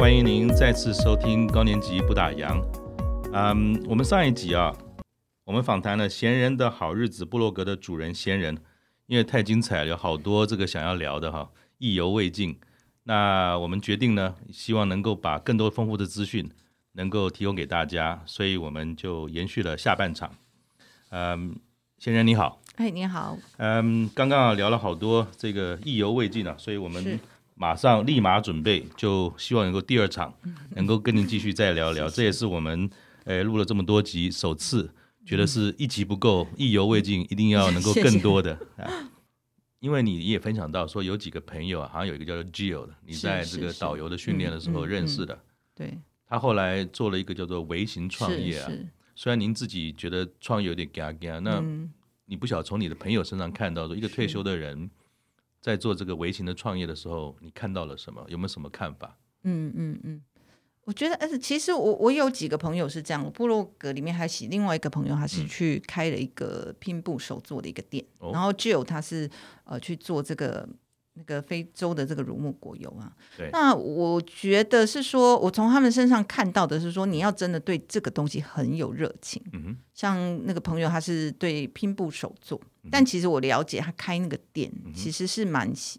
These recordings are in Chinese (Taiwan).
歡迎您再次收聽高年級不打烊。嗯、um,，我們上一集啊，我們訪談了嫺人的好日子部落格的主人嫺人，因為太精彩了，有好多這個想要聊的哈、啊，意猶未盡。那我們決定呢，希望能夠把更多豐富的資訊能夠提供給大家，所以我們就延續了下半場。嗯，嫺人你好，哎、hey,，你好，嗯、um,，剛剛啊聊了好多，這個意猶未盡啊，所以我們。馬上立馬準備，就希望能夠第二場能夠跟您繼續再聊一聊，是是。這也是我們誒、呃、錄了這麼多集，首次覺得是一集不夠，意、嗯、猶未盡，一定要能夠更多的。謝謝啊、因為你也分享到說，有幾個朋友啊，好像有一個叫 Jill，你在這個導遊的訓練的時候認識的。是是是嗯嗯嗯、對。他後來做了一個叫做微型創業啊。是是，雖然您自己覺得創業有點尷尬，那你不曉得從你的朋友身上看到說，一個退休的人，在做這個微型的創業的時候，你看到了什麼？有沒有什麼看法？嗯嗯嗯，我覺得，而且其實我我有幾個朋友是這樣，部落格裡面還喜另外一個朋友，他是去開了一個拼布手作的一個店，嗯、然後就有他是呃去做這個那個非洲的這個乳木果油啊。對。那我覺得是說，我從他們身上看到的是說，你要真的對這個東西很有熱情。嗯哼。像那個朋友，他是對拼布手作。但其實我了解，他開那個店其實是蠻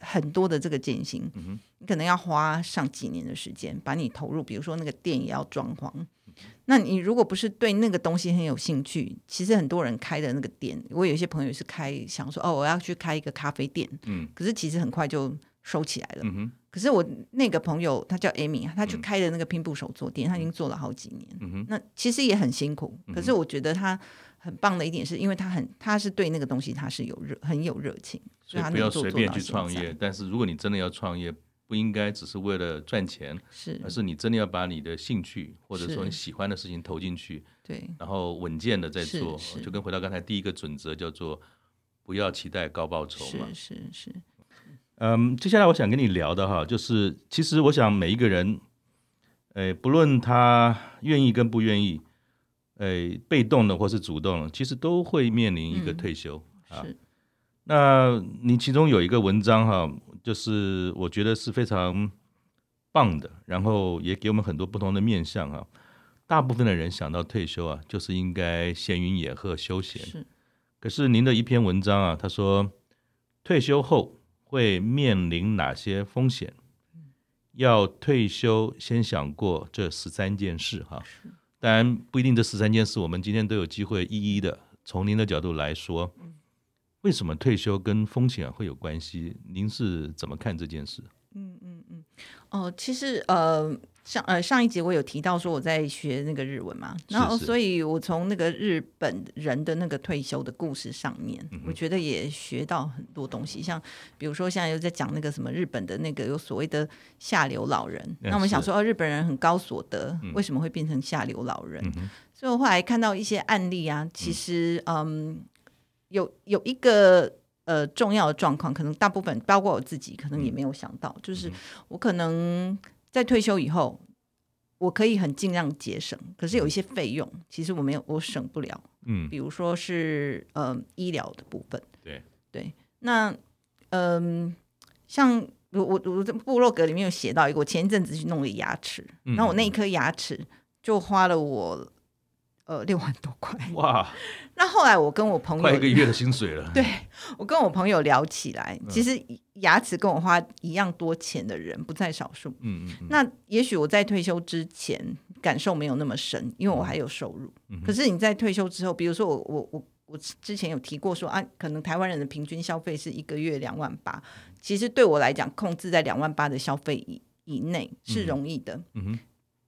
很多的這個艱辛你，嗯、可能要花上幾年的時間把你投入，比如說那個店也要裝潢，嗯。那你如果不是對那個東西很有興趣，其實很多人開的那個店，我有些朋友是開，想說哦，我要去開一個咖啡店，嗯，可是其實很快就收起來了。嗯、可是我那個朋友他叫 Amy，他去開的那個拼布手作店，嗯，他已經做了好幾年，嗯，那其實也很辛苦，可是我覺得他。很棒的一點是，因為他很，他是對那個東西，他是有熱，很有熱情，所以他不要隨便去創業。但是，如果你真的要創業，不應該只是為了賺錢，是而是你真的要把你的興趣或者說你喜歡的事情投進去，對，然後穩健的在做，就跟回到剛才第一個準則，叫做不要期待高報酬嘛，是是是。嗯，接下來我想跟你聊的哈，就是其實我想每一個人，誒、哎，不論他願意跟不願意。被動的或是主動的，其實都會面臨一個退休、嗯、啊。那你其中有一個文章哈、啊，就是我覺得是非常棒的，然後也給我們很多不同的面向啊。大部分的人想到退休啊，就是應該閒雲野鶴休閒。可是您的一篇文章啊，他說退休後會面臨哪些風險、嗯？要退休先想過這十三件事哈、啊。當然不一定，這十三件事我們今天都有機會一一的從您的角度來說，為什麼退休跟風險、啊、會有關係？您是怎麼看這件事？嗯嗯嗯，哦，其實呃。上呃上一集我有提到說我在學那個日文嘛，然後是是所以我從那個日本人的那個退休的故事上面，是是我覺得也學到很多東西。嗯、像比如說，現在又在講那個什麼日本的那個有所謂的下流老人，那我們想說哦、呃，日本人很高所得，嗯、為什麼會變成下流老人？嗯、所以我後來看到一些案例啊，其實嗯，嗯，有有一個呃重要的狀況，可能大部分包括我自己，可能也沒有想到，就是我可能。在退休以後，我可以很盡量節省，可是有一些費用，其實我沒有，我省不了。嗯，比如說是呃醫療的部分，對，對。那嗯，呃，像我我我這部落格裡面有寫到一個，我前一陣子去弄了牙齒，那，嗯，我那一顆牙齒就花了我。呃，六萬多塊。哇！那後來我跟我朋友快一個月的薪水了。 對，我跟我朋友聊起來，嗯，其實牙齒跟我花一樣多錢的人不在少數。嗯嗯。那也許我在退休之前感受沒有那麼深，因為我還有收入。嗯，可是你在退休之後，比如說我我我我之前有提過說啊，可能台灣人的平均消費是一個月兩萬八。其實對我來講，控制在兩萬八的消費以以內是容易的。嗯，嗯，嗯，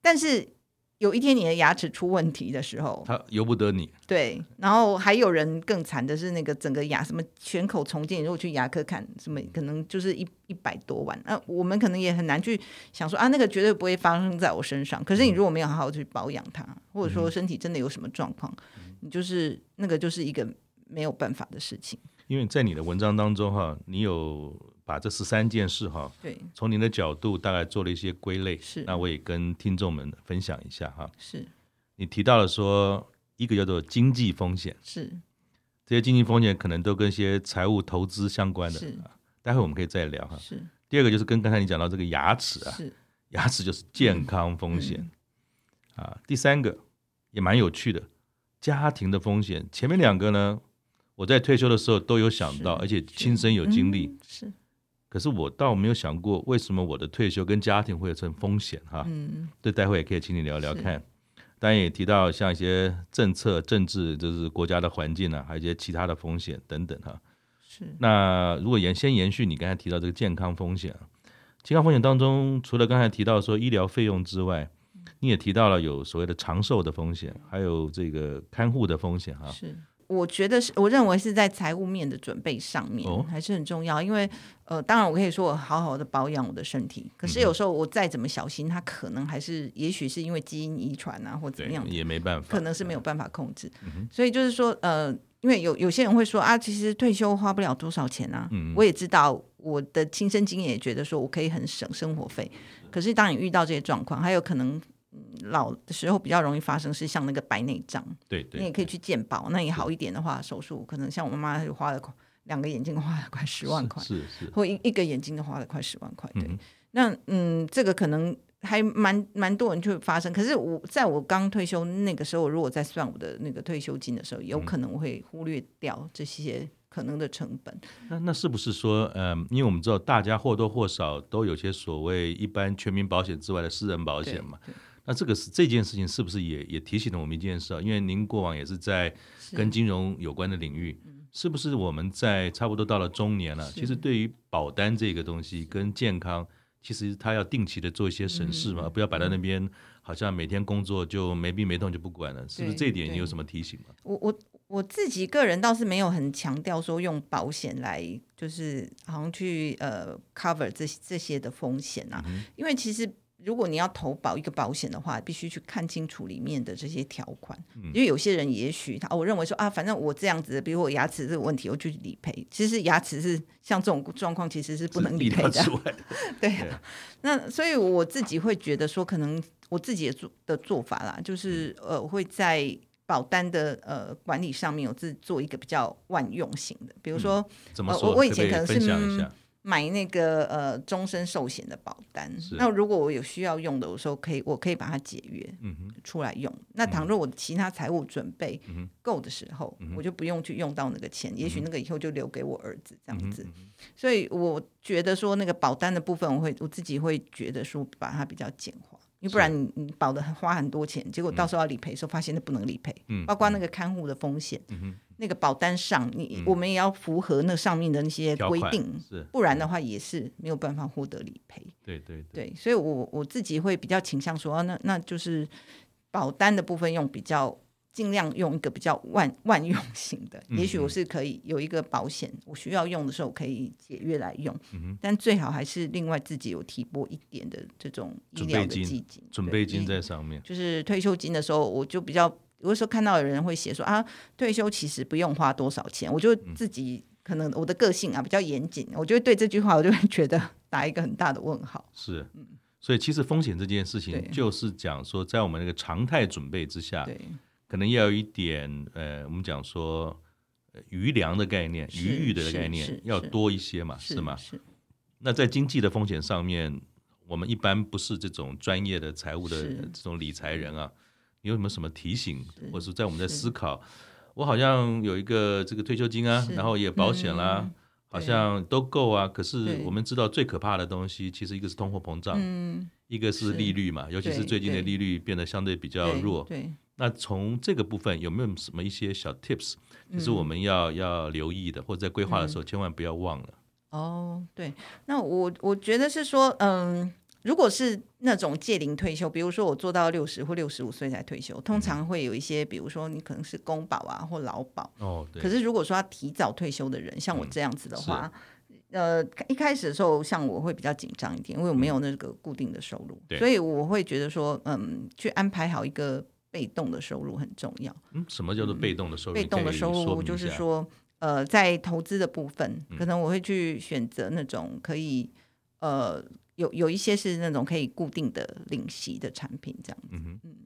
但是。有一天你的牙齒出問題的時候，他由不得你。對，然後還有人更慘的是那個整個牙什麼全口重建，如果去牙科看，什麼可能就是一一百多萬。那、啊、我們可能也很難去想說啊，那個絕對不會發生在我身上。可是你如果沒有好好去保養它、嗯，或者說身體真的有什麼狀況、嗯，你就是那個就是一個沒有辦法的事情。因為在你的文章當中哈，你有。把這十三件事哈，對，從您的角度大概做了一些歸類，是。那我也跟聽眾們分享一下哈，是。你提到了說一個叫做經濟風險，是。這些經濟風險可能都跟一些財務投資相關的，是、啊。待會我們可以再聊哈，是。第二個就是跟剛才你講到這個牙齒啊，是。牙齒就是健康風險，嗯嗯、啊。第三個也蠻有趣的，家庭的風險。前面兩個呢，我在退休的時候都有想到，而且親身有經歷，是。嗯是可是我倒沒有想過，為什麼我的退休跟家庭會有這風險哈？嗯，對，待會也可以請你聊聊看。當然也提到像一些政策、政治，就是國家的環境啊，還有一些其他的風險等等哈。是。那如果延先延續你剛才提到這個健康風險、啊，健康風險當中，除了剛才提到說醫療費用之外，你也提到了有所謂的長壽的風險，還有這個看護的風險哈。是。我覺得是，我認為是在財務面的準備上面、哦、還是很重要，因為呃，當然我可以說我好好的保養我的身體，可是有時候我再怎麼小心，它可能還是，也許是因為基因遺傳啊，或怎麼樣，也沒辦法，可能是沒有辦法控制。嗯、所以就是說，呃，因為有有些人會說啊，其實退休花不了多少錢啊，嗯、我也知道我的親身經驗也覺得說我可以很省生活費，可是當你遇到這些狀況，還有可能。老的時候比較容易發生，是像那個白內障。對，你也可以去健保，那也好一點的話，手術可能像我媽媽就花了兩個眼睛，花了快十萬塊，是是是，是是，或一一個眼睛都花了快十萬塊。對，嗯，那嗯，這個可能還蠻蠻多人就會發生。可是我在我剛退休那個時候，如果在算我的那個退休金的時候，有可能會忽略掉這些可能的成本。嗯、那那是不是說，嗯、呃，因為我們知道大家或多或少都有些所謂一般全民保險之外的私人保險嘛？對對那這個是這件事情是不是也也提醒了我們一件事、啊？因為您過往也是在跟金融有關的領域，是、嗯、是不是我們在差不多到了中年了、啊？其實對於保單這個東西跟健康，其實他要定期的做一些審視嘛、嗯，不要擺在那邊，好像每天工作就沒病、嗯、沒痛就不管了，是不是這一點你有什麼提醒嗎？我我我自己個人倒是沒有很強調說用保險來就是好像去呃 cover 這這些的風險啊，嗯、因為其實。如果你要投保一個保險的話，必須去看清楚裡面的這些條款，嗯，因為有些人也許他，哦，我認為說啊，反正我這樣子，比如我牙齒這個問題，我去理賠，其實牙齒是像這種狀況，其實是不能理賠的。的 對，對啊，那所以我自己會覺得說，可能我自己的做的做法啦，就是，嗯、呃，我會在保單的呃管理上面，我自己做一個比較萬用型的，比如說，嗯，怎麼說，呃、我以前可能是嗯。可買那個呃終身壽險的保單，那如果我有需要用的，我說可以，我可以把它解約，嗯哼，出來用。那倘若我其他財務準備夠的時候、嗯，我就不用去用到那個錢，嗯、也許那個以後就留給我兒子這樣子。嗯、所以我覺得說那個保單的部分，我會我自己會覺得說把它比較簡化。不然你你保的花很多錢，結果到時候要理賠的時候發現那不能理賠，嗯，包括那個看護的風險，嗯哼，那個保單上你，嗯，我們也要符合那上面的那些規定，是，不然的話也是沒有辦法獲得理賠，嗯，對對對，對，所以我我自己會比較傾向說，那那就是保單的部分用比較。儘量用一個比較萬萬用型的，也許我是可以有一個保險，我需要用的時候可以解約來用，嗯。但最好還是另外自己有提撥一點的這種醫療的基金，準備金。準備金在上面，就是退休金的時候，我就比較。有的時候看到有人會寫說啊，退休其實不用花多少錢，我就自己、嗯、可能我的個性啊比較嚴謹，我就對這句話我就會覺得打一個很大的問號。是，嗯、所以其實風險這件事情就是講說，在我們那個常態準備之下。對。可能要有一點，呃，我們講說，餘糧的概念、餘裕的概念要多一些嘛，是，是，是，是嗎，是是？那在經濟的風險上面，我們一般不是這種專業的財務的這種理財人啊，你有沒有什麼提醒，或者是在我們在思考，我好像有一個這個退休金啊，然後也保險啦、啊嗯，好像都夠啊。可是我們知道最可怕的東西，其實一個是通貨膨脹、嗯，一個是利率嘛，尤其是最近的利率變得相對比較弱。對。對對。那從這個部分有沒有什麼一些小 tips，就是我們要、嗯、要留意的，或者在規劃的時候、嗯、千萬不要忘了。哦，對，那我我覺得是說，嗯，如果是那種屆齡退休，比如說我做到六十或六十五歲才退休，通常會有一些，嗯、比如說你可能是公保啊或勞保。哦，對。可是如果說要提早退休的人，像我這樣子的話、嗯，呃，一開始的時候像我會比較緊張一點，因為我沒有那個固定的收入，嗯、所以我會覺得說，嗯，去安排好一個。被動的收入很重要。嗯，什麼叫做被動的收入？嗯，被動的收入就是說，呃，在投資的部分，嗯，可能我會去選擇那種可以，呃，有有一些是那種可以固定的領息的產品，這樣子，嗯嗯，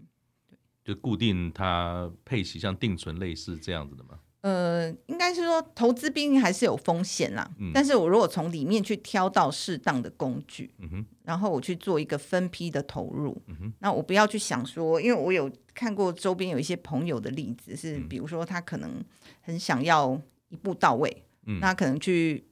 對，就固定它配息，像定存類似這樣子的嗎？呃，應該是說投資畢竟還是有風險啦、嗯。但是我如果從裡面去挑到適當的工具、嗯哼，然後我去做一個分批的投入、嗯哼，那我不要去想說，因為我有看過周邊有一些朋友的例子是，是、嗯、比如說他可能很想要一步到位，嗯、那可能去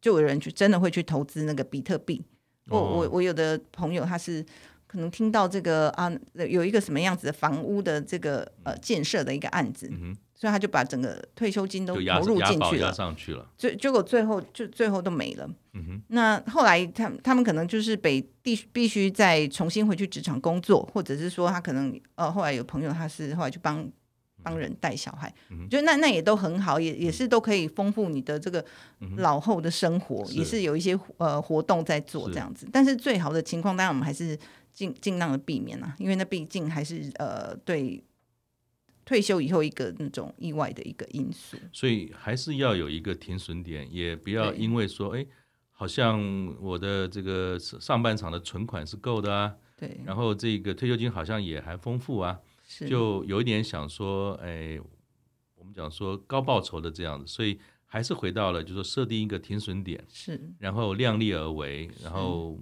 就有人去真的會去投資那個比特幣。哦、我我我有的朋友他是可能聽到這個啊，有一個什麼樣子的房屋的這個呃建設的一個案子，嗯哼所以他就把整個退休金都投入進去了，壓上去了。結果最後就最後都沒了。嗯、那後來他們他們可能就是被必須必須再重新回去職場工作，或者是說他可能呃後來有朋友他是後來去幫幫人帶小孩，嗯、就那那也都很好，也也是都可以豐富你的這個老後的生活，嗯、是也是有一些呃活動在做這樣子。但是最好的情況當然我們還是盡盡量的避免了、啊，因為那畢竟還是呃對。退休以後一個那種意外的一個因素，所以還是要有一個停損點，也不要因為說，哎，好像我的這個上半場的存款是夠的啊，對，然後這個退休金好像也還豐富啊，是就有一點想說，哎，我們講說高報酬的這樣子，所以還是回到了，就是說設定一個停損點，是，然後量力而為，然後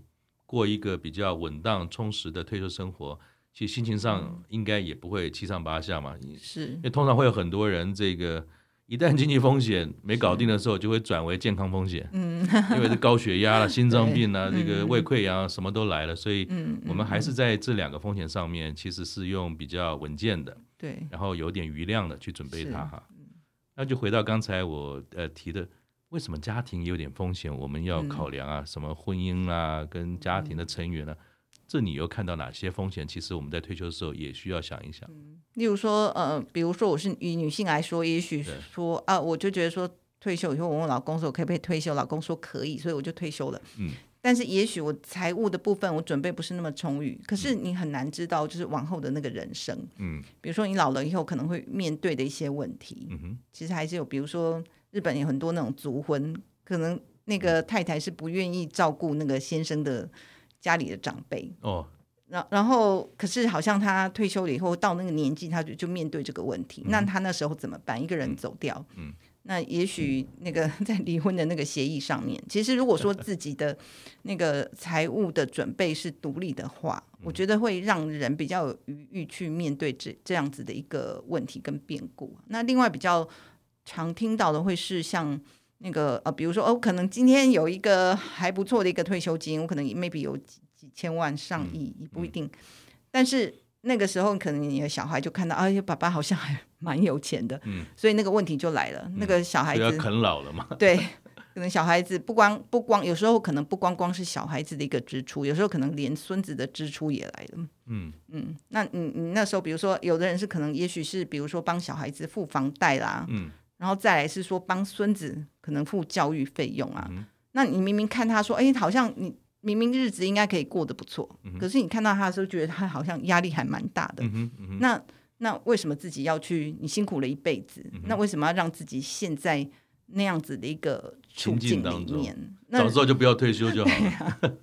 過一個比較穩當、充實的退休生活。就心情上應該也不會七上八下嘛，是、嗯，因為通常會有很多人，這個一旦經濟風險沒搞定的時候，就會轉為健康風險，因為這高血壓了、啊嗯、心臟病啊、這個胃潰瘍、啊嗯、什麼都來了，所以我們還是在這兩個風險上面，其實是用比較穩健的、嗯嗯，然後有點餘量的去準備它哈。那就回到剛才我呃提的，為什麼家庭有點風險，我們要考量啊，嗯、什麼婚姻啦、啊、跟家庭的成員呢、啊。嗯嗯這你又看到哪些風險？其實我們在退休的時候也需要想一想。嗯，例如說，呃，比如說我是以女性來說，也許說啊，我就覺得說退休以後，我問老公說，可不可以退休？老公說可以，所以我就退休了。嗯，但是也許我財務的部分，我準備不是那麼充裕。可是你很難知道，就是往後的那個人生。嗯，比如說你老了以後可能會面對的一些問題。嗯哼，其實還是有，比如說日本有很多那種族婚，可能那個太太是不願意照顧那個先生的。家裡的長輩哦，然、oh. 然後，可是好像他退休了以後，到那個年紀，他就就面對這個問題，嗯。那他那時候怎麼辦？一個人走掉，嗯，嗯，那也許那個在離婚的那個協議上面、嗯，其實如果說自己的那個財務的準備是獨立的話，嗯、我覺得會讓人比較有餘裕去面對這這樣子的一個問題跟變故。那另外比較常聽到的會是像。那個呃，比如說哦，可能今天有一個還不錯的一個退休金，我可能也 maybe 有幾幾千萬、上億、嗯嗯、也不一定。但是那個時候，可能你的小孩就看到，哎呀，爸爸好像還蠻有錢的，嗯，所以那個問題就來了。嗯、那個小孩子比較啃老了嘛對，可能小孩子不光不光，有時候可能不光光是小孩子的一個支出，有時候可能連孫子的支出也來了。嗯嗯，那你你、嗯、那時候，比如說，有的人是可能，也許是比如說幫小孩子付房貸啦，嗯，然後再來是說幫孫子。能付教育費用啊，嗯。那你明明看他說，誒、欸，好像你明明日子應該可以過得不錯，嗯，可是你看到他的時候，覺得他好像壓力還蠻大的。嗯嗯、那那為什麼自己要去？你辛苦了一輩子，嗯，那為什麼要讓自己現在那樣子的一個？情境，境裡面，情境當中，早知道就不要退休就好了。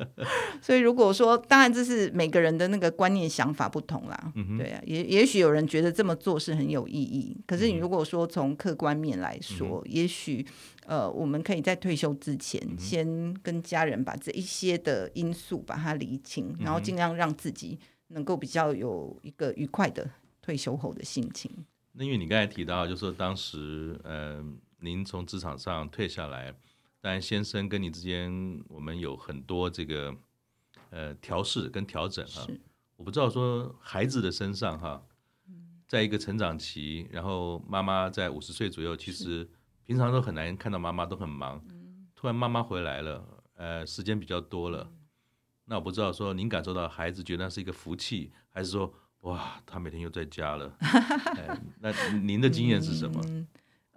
所以，如果說，當然這是每個人的那個觀念想法不同啦。嗯、對啊，也也許有人覺得這麼做是很有意義。可是，你如果說從客觀面來說，嗯、也許呃，我們可以在退休之前，先跟家人把這一些的因素把它理清，然後盡量讓自己能夠比較有一個愉快的退休後的心情、嗯。那因為你剛才提到，就是說當時嗯。呃您從職場上退下來，但先生跟你之間，我們有很多這個呃調適跟調整哈是。我不知道說孩子的身上哈，嗯、在一個成長期，然後媽媽在五十歲左右，其實平常都很難看到媽媽都很忙、嗯，突然媽媽回來了，呃，時間比較多了。嗯、那我不知道說您感受到孩子覺得那是一個福氣，還是說哇，他每天又在家了？ 呃、那您的經驗是什麼？ 嗯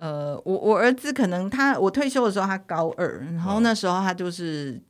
呃，我我兒子可能他我退休的時候他高二，然後那時候他就是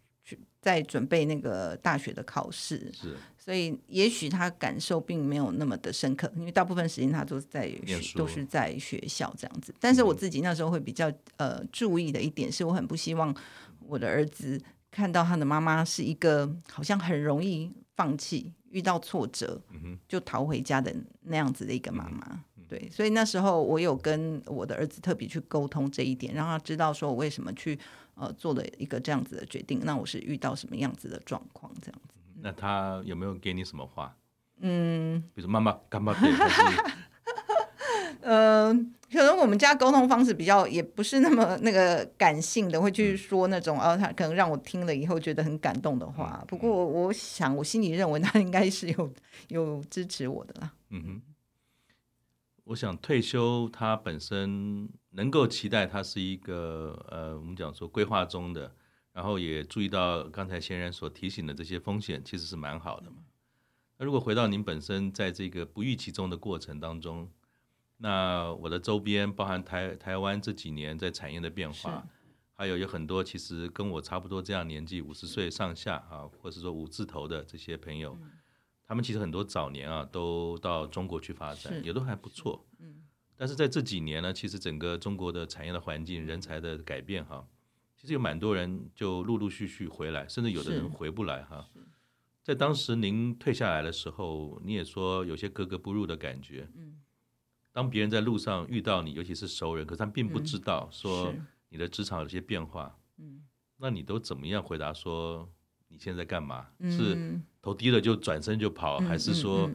在準備那個大學的考試，哦、是，所以也許他感受並沒有那麼的深刻，因為大部分時間他都是在都是在學校這樣子。但是我自己那時候會比較呃注意的一點是，我很不希望我的兒子看到他的媽媽是一個好像很容易放棄、遇到挫折就逃回家的那樣子的一個媽媽。嗯對，所以那時候我有跟我的兒子特別去溝通這一點，讓他知道說我為什麼去呃做了一個這樣子的決定，那我是遇到什麼樣子的狀況這樣子。嗯。那他有沒有給你什麼話？嗯，比如媽媽幹嘛，對？嗯 呃，可能我們家溝通方式比較也不是那麼那個感性的，會去說那種哦，他，嗯啊，可能讓我聽了以後覺得很感動的話。嗯，不過我我想我心裡認為他應該是有有支持我的啦。嗯哼。嗯我想退休，它本身能夠期待它是一個呃，我們講說規劃中的，然後也注意到剛才嫺人所提醒的這些風險，其實是蠻好的嘛。那如果回到您本身在這個不預期中的過程當中，那我的周邊，包含台台灣這幾年在產業的變化，還有有很多其實跟我差不多這樣年紀，五十歲上下啊，或是說五字頭的這些朋友。他們其實很多早年啊，都到中國去發展，也都還不錯。嗯。但是在這幾年呢，其實整個中國的產業的環境、嗯，人才的改變哈，其實有蠻多人就陸陸續續續回來，甚至有的人回不來哈。在當時您退下來的時候，你也說有些格格不入的感覺。嗯，當別人在路上遇到你，尤其是熟人，可是他們並不知道說你的職場有些變化。嗯。那你都怎麼樣回答說？你現在幹嘛、嗯？是頭低了就轉身就跑、嗯，還是說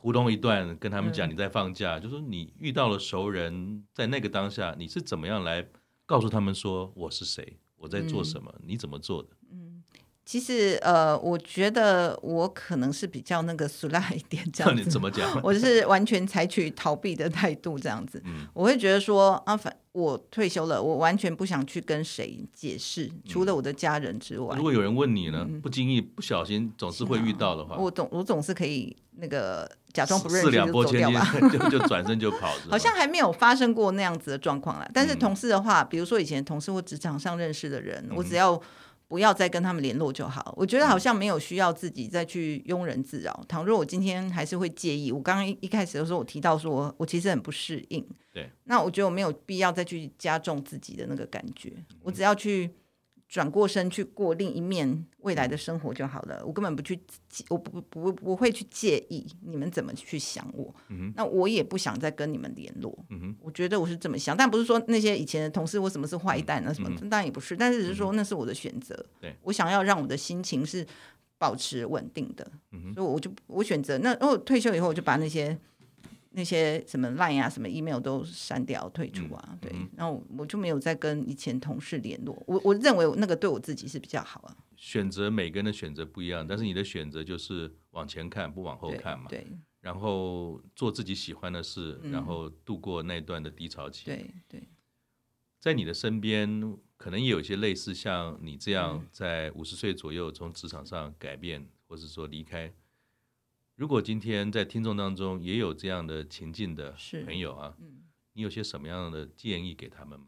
唬弄一段跟他們講你在放假？嗯、就說、是、你遇到了熟人、嗯，在那個當下你是怎麼樣來告訴他們說我是誰，我在做什麼，嗯、你怎麼做的？嗯，其實呃，我覺得我可能是比較那個俗辣一點，這樣子。你怎麼講？我是完全採取逃避的態度，這樣子。嗯、我會覺得說啊反。我退休了，我完全不想去跟誰解釋，嗯，除了我的家人之外。如果有人問你呢？嗯，不經意、不小心，總是會遇到的話，嗯啊，我總我總是可以那個假裝不認識，就走掉嘛，四兩撥千金就， 就，就轉身就跑。好像還沒有發生過那樣子的狀況啦。但是同事的話，嗯，比如說以前同事或職場上認識的人，我只要。不要再跟他們聯絡就好。我覺得好像沒有需要自己再去庸人自擾。嗯、倘若我今天還是會介意，我剛剛一開始的時候，我提到說，我其實很不適應。對，那我覺得我沒有必要再去加重自己的那個感覺，我只要去。嗯轉過身去過另一面未來的生活就好了，我根本不去，我不不不，不會去介意你們怎麼去想我，嗯、那我也不想再跟你們聯絡、嗯。我覺得我是這麼想，但不是說那些以前的同事我什麼是壞蛋那、啊、什麼、嗯，當然也不是，但是只是說那是我的選擇、嗯。我想要讓我的心情是保持穩定的，所以我就我選擇那哦退休以後我就把那些。那些什麼 Line 啊，什麼 email 都刪掉，退出啊、嗯，對。然後我就沒有再跟以前同事聯絡。我我認為那個對我自己是比較好啊。選擇，每個人的選擇不一樣，但是你的選擇就是往前看，不往後看嘛？對。對，然後做自己喜歡的事、嗯，然後度過那段的低潮期。對，對，在你的身邊，可能也有一些類似像你這樣，嗯、在五十歲左右從職場上改變，或是說離開。如果今天在聽眾當中也有這樣的情境的朋友啊，嗯，你有些什麼樣的建議給他們嗎？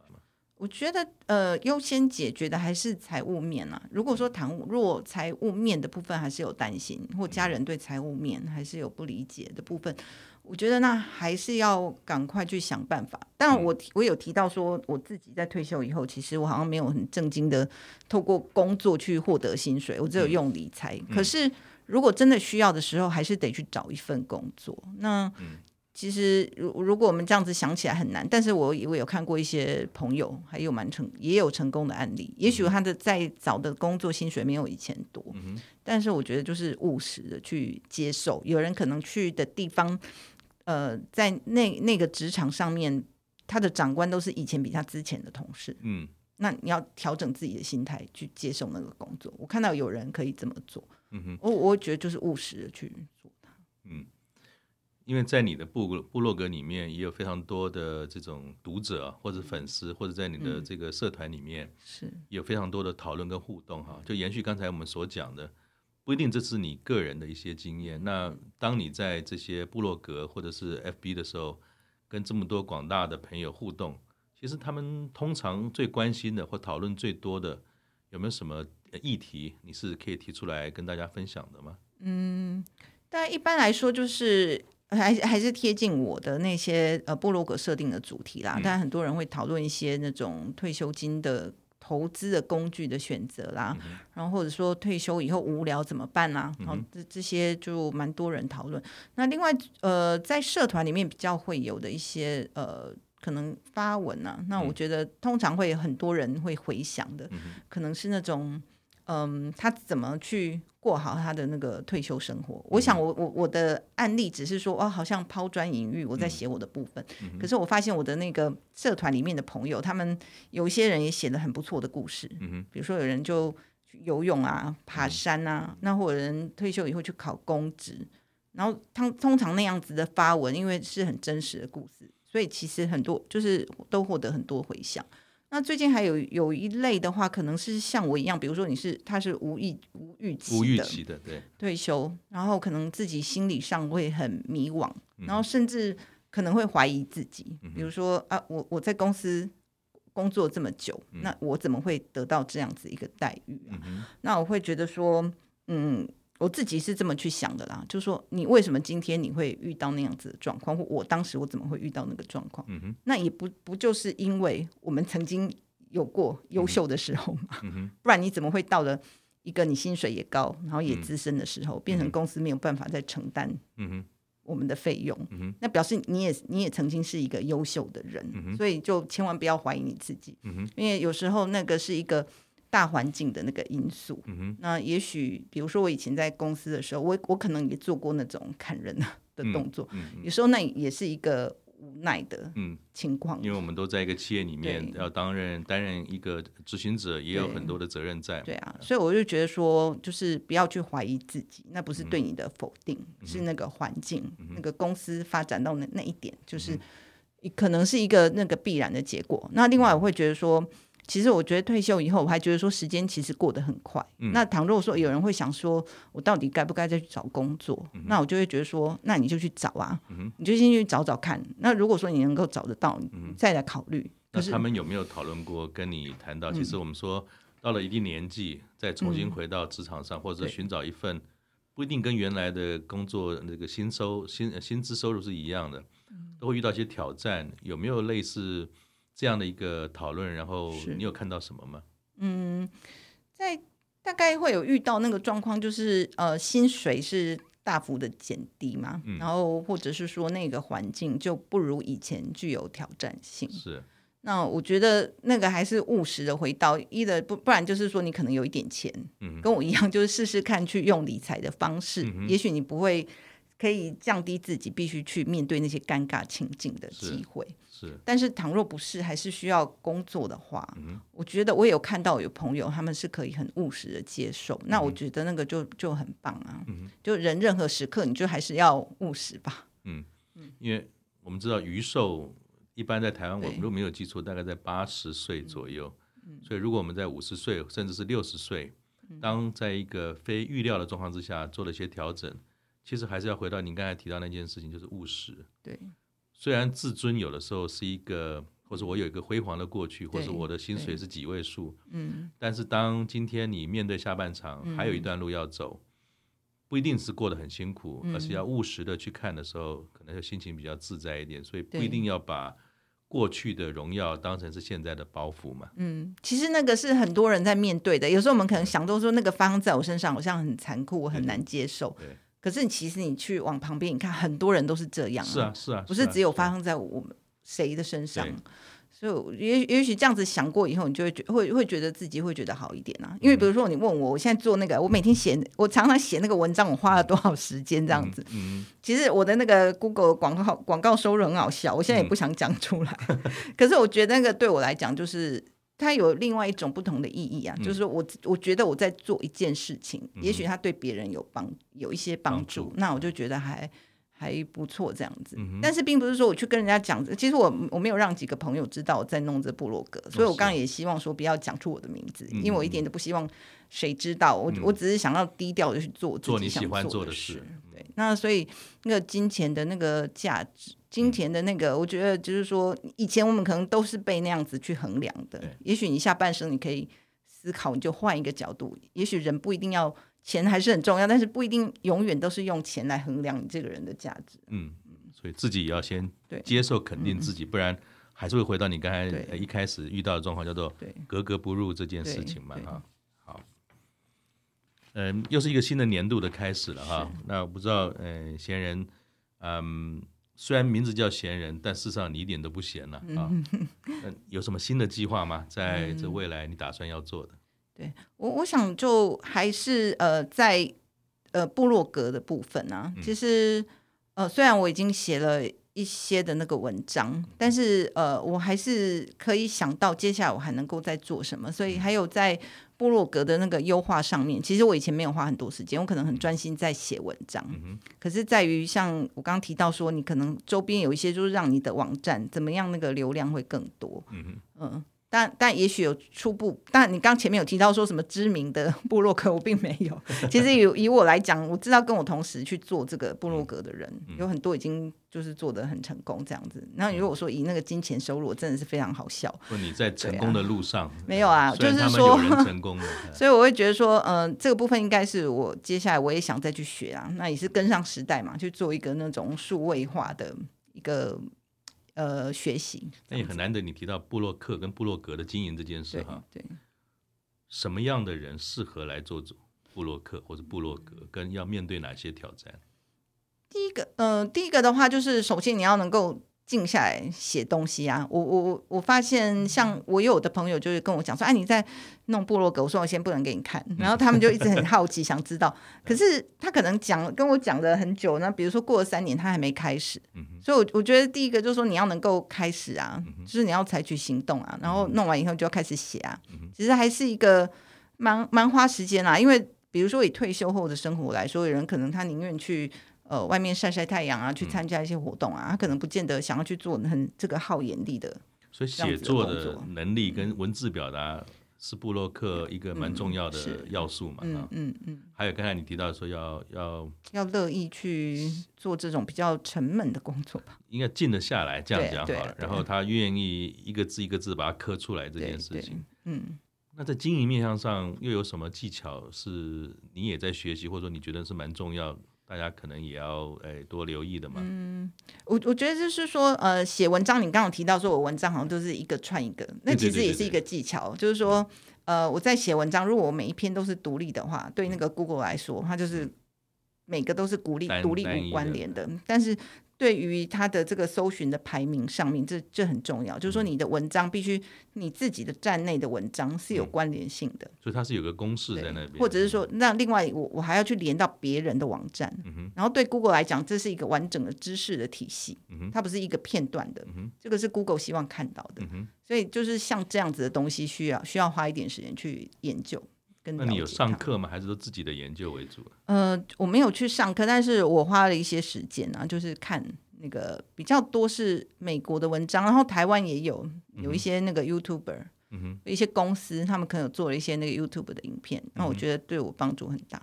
我覺得，呃，優先解決的還是財務面啊。如果說倘若財務面的部分還是有擔心，或家人對財務面還是有不理解的部分，嗯、我覺得那還是要趕快去想辦法。但我我有提到說，我自己在退休以後，其實我好像沒有很正經的透過工作去獲得薪水，我只有用理財。嗯、可是。嗯如果真的需要的時候，還是得去找一份工作。那、嗯、其實，如如果我們這樣子想起來很難。但是，我我有看過一些朋友，還有蠻成也有成功的案例。嗯、也許他的在找的工作薪水沒有以前多、嗯，但是我覺得就是務實的去接受。有人可能去的地方，呃，在那那個職場上面，他的長官都是以前比他之前的同事。嗯，那你要調整自己的心態去接受那個工作。我看到有人可以這麼做。嗯哼，我我覺得就是務實地去做它。嗯，因為在你的部部落格裡面也有非常多的這種讀者或者粉絲，或者在你的這個社團裡面，是有非常多的討論跟互動哈、嗯。就延續剛才我們所講的，不一定這是你個人的一些經驗。那當你在這些部落格或者是 FB 的時候，跟這麼多廣大的朋友互動，其實他們通常最關心的或討論最多的有沒有什麼議題你是可以提出來跟大家分享的嗎？嗯，但一般來說就是還還是貼近我的那些呃部落格設定的主題啦。嗯、但很多人會討論一些那種退休金的投資的工具的選擇啦、嗯，然後或者說退休以後無聊怎麼辦啦、啊，然後這這些就蠻多人討論、嗯。那另外呃在社團裡面比較會有的一些呃可能發文啊，那我覺得通常會很多人會回響的，嗯、可能是那種。嗯，他怎麼去過好他的那個退休生活？我想我，我我我的案例只是說，哦，好像拋磚引玉，我在寫我的部分。嗯，可是我發現我的那個社團裡面的朋友，他們有一些人也寫了很不錯的故事。嗯，比如說有人就游泳啊、爬山啊，嗯，那或者人退休以後去考公職，然後他通常那樣子的發文，因為是很真實的故事，所以其實很多就是都獲得很多回響。那最近還有有一類的話，可能是像我一樣，比如說你是他是無意、無預期的、無預期的，對退休，然後可能自己心理上會很迷惘，嗯、然後甚至可能會懷疑自己，嗯、比如說啊，我我在公司工作這麼久，嗯，那我怎麼會得到這樣子一個待遇啊？嗯、那我會覺得說，嗯。我自己是這麼去想的啦，就是說你為什麼今天你會遇到那樣子的狀況，或我當時我怎麼會遇到那個狀況？嗯哼、那也不不就是因為我們曾經有過優秀的時候嘛、嗯哼。不然你怎麼會到了一個你薪水也高，然後也資深的時候，嗯哼、變成公司沒有辦法再承擔，我們的費用？嗯哼嗯哼、那表示你也你也曾經是一個優秀的人、嗯哼，所以就千萬不要懷疑你自己，嗯哼、因為有時候那個是一個。大環境的那個因素，嗯、那也許比如說我以前在公司的時候，我我可能也做過那種砍人的動作、嗯嗯，有時候那也是一個無奈的情嗯情況，因為我們都在一個企業裡面要擔任擔任一個執行者，也有很多的責任在對。對啊，所以我就覺得說，就是不要去懷疑自己，那不是對你的否定，嗯、是那個環境、嗯、那個公司發展到那那一點，就是可能是一個那個必然的結果。嗯、那另外我會覺得說。其實我覺得退休以後，我還覺得說時間其實過得很快。嗯、那倘若說有人會想說，我到底該不該再去找工作，嗯？那我就會覺得說，那你就去找啊，嗯，你就先去找找看。那如果說你能夠找得到，嗯、你再來考慮。那他們有沒有討論過跟你談到，嗯，其實我們說到了一定年紀，再重新回到職場上，嗯、或者尋找一份不一定跟原來的工作那個薪收薪薪資收入是一樣的，都會遇到一些挑戰。有沒有類似？這樣的一個討論，然後你有看到什麼嗎？嗯，在大概會有遇到那個狀況，就是呃，薪水是大幅的減低嘛、嗯，然後或者是說那個環境就不如以前具有挑戰性。是，那我覺得那個還是務實的回到一的，不不然就是說你可能有一點錢、嗯，跟我一樣就是試試看去用理財的方式，嗯、也許你不會。可以降低自己必須去面對那些尷尬情境的機會。是，但是倘若不是還是需要工作的話，我覺得我也有看到有朋友他們是可以很務實的接受，那我覺得那個就就很棒啊。嗯，就人任何時刻，你就還是要務實吧。嗯，因為我們知道餘壽一般在台灣，我們都沒有記錯，大概在八十歲左右。嗯，所以如果我們在五十歲甚至是六十歲，當在一個非預料的狀況之下做了一些調整。其實還是要回到您剛才提到那件事情，就是務實。對，雖然自尊有的時候是一個，或者我有一個輝煌的過去，或者我的薪水是幾位數，嗯，但是當今天你面對下半場、嗯、還有一段路要走，不一定是過得很辛苦、嗯，而是要務實的去看的時候，可能就心情比較自在一點。所以不一定要把過去的榮耀當成是現在的包袱嘛。嗯，其實那個是很多人在面對的。有時候我們可能想到說那個方在我身上好像很殘酷，我很難接受。對對可是你其實你去往旁邊你看，很多人都是這樣、啊。是啊是啊，是啊，不是只有發生在我誰、啊啊、的身上。所以也也許這樣子想過以後，你就會覺會會覺得自己會覺得好一點啊。因為比如說你問我，嗯、我現在做那個，我每天寫、嗯，我常常寫那個文章，我花了多少時間這樣子、嗯嗯。其實我的那個 Google 廣告廣告收入很好笑，我現在也不想講出來。嗯、 可是我覺得那個對我來講就是。它有另外一種不同的意義啊，嗯、就是說我我覺得我在做一件事情，嗯、也許它對別人有幫有一些幫助，幫助，那我就覺得還還不錯這樣子、嗯。但是並不是說我去跟人家講，其實我我沒有讓幾個朋友知道我在弄這部落格、哦，所以我剛剛也希望說不要講出我的名字，嗯、因為我一點都不希望誰知道、嗯、我，我只是想要低調的去做我自己想做，的做你喜歡做的事、嗯。對，那所以那個金錢的那個價值。金錢的那個，我覺得就是說，以前我們可能都是被那樣子去衡量的。也許你下半生你可以思考，你就換一個角度。也許人不一定要錢還是很重要，但是不一定永遠都是用錢來衡量你這個人的價值。嗯，所以自己也要先接受、肯定自己，不然還是會回到你剛才一開始遇到的狀況，叫做格格不入這件事情嘛。哈，好。嗯，又是一個新的年度的開始了哈。那我不知道，嗯，嫺人，嗯。雖然名字叫閒人，但事實上你一點都不閒了。嗯、啊！有什麼新的計劃嗎？在這未來你打算要做的？嗯、對，我我想就還是呃在呃部落格的部分呢，啊。其實嗯、呃雖然我已經寫了一些的那個文章，嗯，但是呃我還是可以想到接下來我還能夠再做什麼，所以還有在。嗯部落格的那個優化上面，其實我以前沒有花很多時間，我可能很專心在寫文章。嗯、可是在於像我剛剛提到說，你可能周邊有一些，就是讓你的網站怎麼樣，那個流量會更多。嗯。嗯但但也許有初步，但你剛前面有提到說什麼知名的部落格，我並沒有。其實以以我來講，我知道跟我同時去做這個部落格的人， 有很多已經就是做得很成功這樣子。那如果說以那個金錢收入，真的是非常好笑。不、嗯啊，你在成功的路上、啊、沒有啊，就是說有人成功了， 所以我會覺得說，嗯、呃，這個部分應該是我接下來我也想再去學啊。那也是跟上時代嘛，去做一個那種數位化的一個。呃，學習。那也很難得，你提到部落客跟部落格的經營這件事哈，對。對。什麼樣的人適合來做部落客或者部落格，跟要面對哪些挑戰？嗯嗯嗯、第一個，呃、嗯，第一個的話就是，首先你要能夠。靜下來寫東西啊！我我我發現，像我有我的朋友就是跟我講說，哎、啊，你在弄部落格，我說我先不能給你看。然後他們就一直很好奇， 想知道。可是他可能講跟我講了很久呢，比如說過了三年，他還沒開始。嗯、所以，我我覺得第一個就是說，你要能夠開始啊、嗯，就是你要採取行動啊，然後弄完以後就要開始寫啊、嗯。其實還是一個蠻蠻花時間啦，因為比如說以退休後的生活來說，有人可能他寧願去。呃，外面曬曬太陽啊，去參加一些活動啊，他、嗯、可能不見得想要去做很這個耗眼力的、的。所以寫作的能力跟文字表達是部落客一個蠻重要的要素嘛。嗯嗯、嗯、嗯還有剛才你提到說要要要樂意去做這種比較沉悶的工作吧？應該靜得下來，這樣講好。然後他願意一個字一個字把它刻出來這件事情。嗯。那在經營面向上又有什麼技巧是你也在學習，或者說你覺得是蠻重要的大家可能也要誒、哎、多留意的嘛。嗯，我我覺得就是說，呃，寫文章，你剛剛有提到說，我文章好像都是一個串一個，那其實也是一個技巧，嗯、對對對對就是說，呃，我在寫文章，如果我每一篇都是獨立的話，嗯、對那個 Google 來說，它就是每個都是獨立、嗯、獨立無關聯的，的但是。對於它的這個搜尋的排名上面，這這很重要，就是說你的文章必須你自己的站內的文章是有關聯性的，嗯、所以它是有個公式在那邊，或者是說那另外我我還要去連到別人的網站、嗯，然後對 Google 來講，這是一個完整的知識的體系，嗯、它不是一個片段的、嗯，這個是 Google 希望看到的、嗯，所以就是像這樣子的東西，需要需要花一點時間去研究。那你有上課嗎？還是說自己的研究為主？呃，我沒有去上課，但是我花了一些時間啊，就是看那個比較多是美國的文章，然後台灣也有、嗯、有一些那個 YouTuber，嗯哼，一些公司他們可能有做了一些那個 YouTube 的影片，嗯、那我覺得對我幫助很大。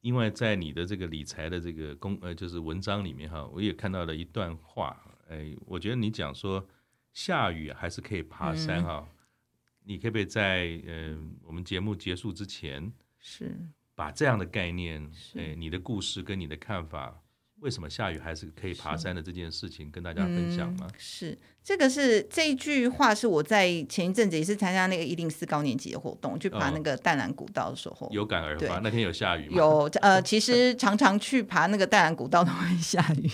因為在你的這個理財的這個公呃，就是文章裡面哈，我也看到了一段話，哎、欸，我覺得你講說下雨還是可以爬山哈。嗯你可不可以在呃我們節目結束之前，是把這樣的概念是、欸，你的故事跟你的看法。為什麼下雨還是可以爬山的這件事情，跟大家分享嗎？嗯、是這個是這一句話，是我在前一陣子也是參加那個104高年級的活動，去爬那個淡蘭古道的時候，嗯、有感而發。那天有下雨嗎？有呃， 其實常常去爬那個淡蘭古道都會下雨，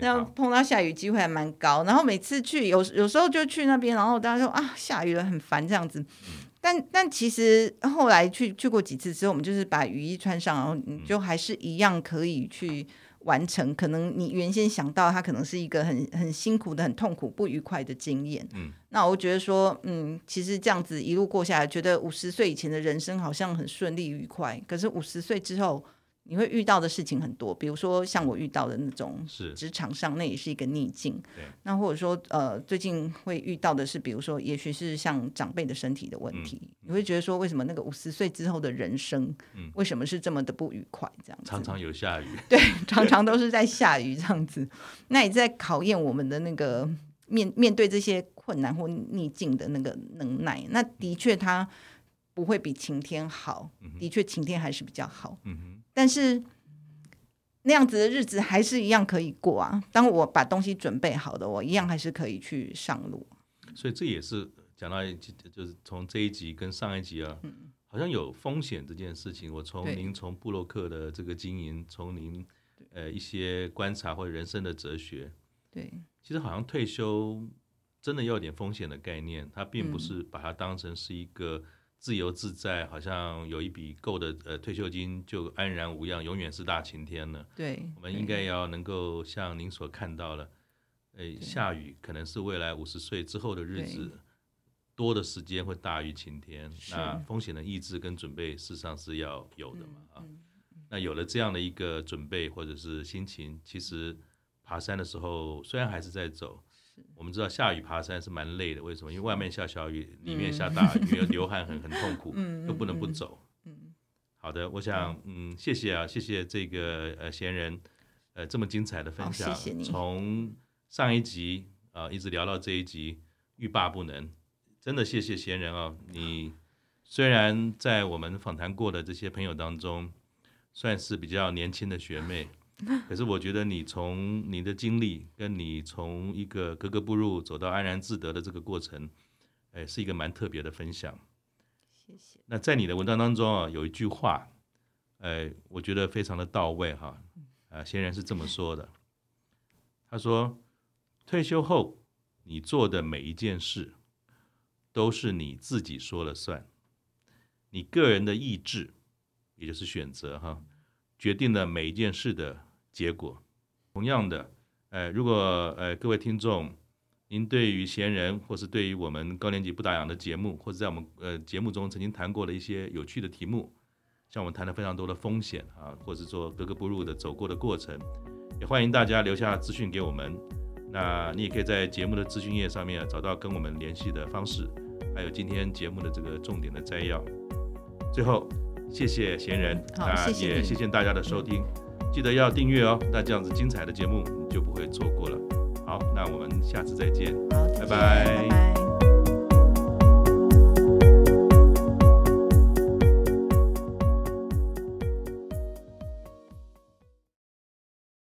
那碰到下雨機會還蠻高。嗯、然後每次去有有時候就去那邊，然後大家說啊下雨了很煩這樣子。嗯、但但其實後來去去過幾次之後，我們就是把雨衣穿上，然後你就還是一樣可以去。嗯完成，可能你原先想到它可能是一個很很辛苦的，很痛苦、不愉快的經驗。嗯。那我覺得說，嗯，其實這樣子一路過下來，覺得五十歲以前的人生好像很順利愉快，可是五十歲之後。你會遇到的事情很多，比如說像我遇到的那種是職場上，那也是一個逆境，那或者說呃最近會遇到的是，比如說也許是像長輩的身體的問題，嗯、你會覺得說為什麼那個五十歲之後的人生、嗯，為什麼是這麼的不愉快這樣子？常常有下雨，對，常常都是在下雨這樣子， 那也在考驗我們的那個面面對這些困難或逆境的那個能耐。那的確，它不會比晴天好、嗯，的確晴天還是比較好。嗯但是，那樣子的日子還是一樣可以過啊。當我把東西準備好的，我一樣還是可以去上路。所以這也是講到，就是從這一集跟上一集啊，嗯、好像有風險這件事情。我從您從部落客的這個經營，從您呃一些觀察或者人生的哲學，對，其實好像退休真的要有點風險的概念，它並不是把它當成是一個、嗯。自由自在，好像有一筆夠的呃退休金，就安然無恙，永遠是大晴天呢。對，我們應該要能夠像您所看到的，誒、哎，下雨可能是未來五十歲之後的日子多的時間會大於晴天。那風險的意識跟準備，事實上是要有的嘛啊、嗯嗯。那有了這樣的一個準備或者是心情，其實爬山的時候雖然還是在走。我們知道下雨爬山是蠻累的。為什麼？因為外面下小雨，裡面下大雨，嗯、流汗很 很痛苦，嗯，都不能不走，嗯。好的，我想，嗯，謝謝啊，謝謝這個呃嫺人呃這麼精彩的分享。哦，謝謝你。從上一集啊，呃、一直聊到這一集，欲罷不能，真的謝謝嫺人啊，哦嗯。你雖然在我們訪談過的這些朋友當中，算是比較年輕的學妹。啊可是我覺得你從你的經歷，跟你從一個格格不入走到安然自得的這個過程，哎，是一個蠻特別的分享。謝謝。那在你的文章當中啊、哦，有一句話，哎，我覺得非常的到位哈。啊，嫺人是這麼說的。他說，退休後你做的每一件事，都是你自己說了算，你個人的意志，也就是選擇哈，決定了每一件事的。結果，同樣的，呃，如果呃各位聽眾，您對於嫺人或是對於我們高年級不打烊的節目，或者在我們呃節目中曾經談過的一些有趣的題目，像我們談了非常多的風險啊，或者說格格不入的走過的過程，也歡迎大家留下資訊給我們。那你也可以在節目的資訊頁上面找到跟我們聯繫的方式，還有今天節目的這個重點的摘要。最後，謝謝嫺人啊、嗯呃，也謝謝大家的收聽。嗯記得要訂閱哦，那這樣子精彩的節目你就不會錯過了。好，那我們下次再見，謝謝拜拜。拜拜。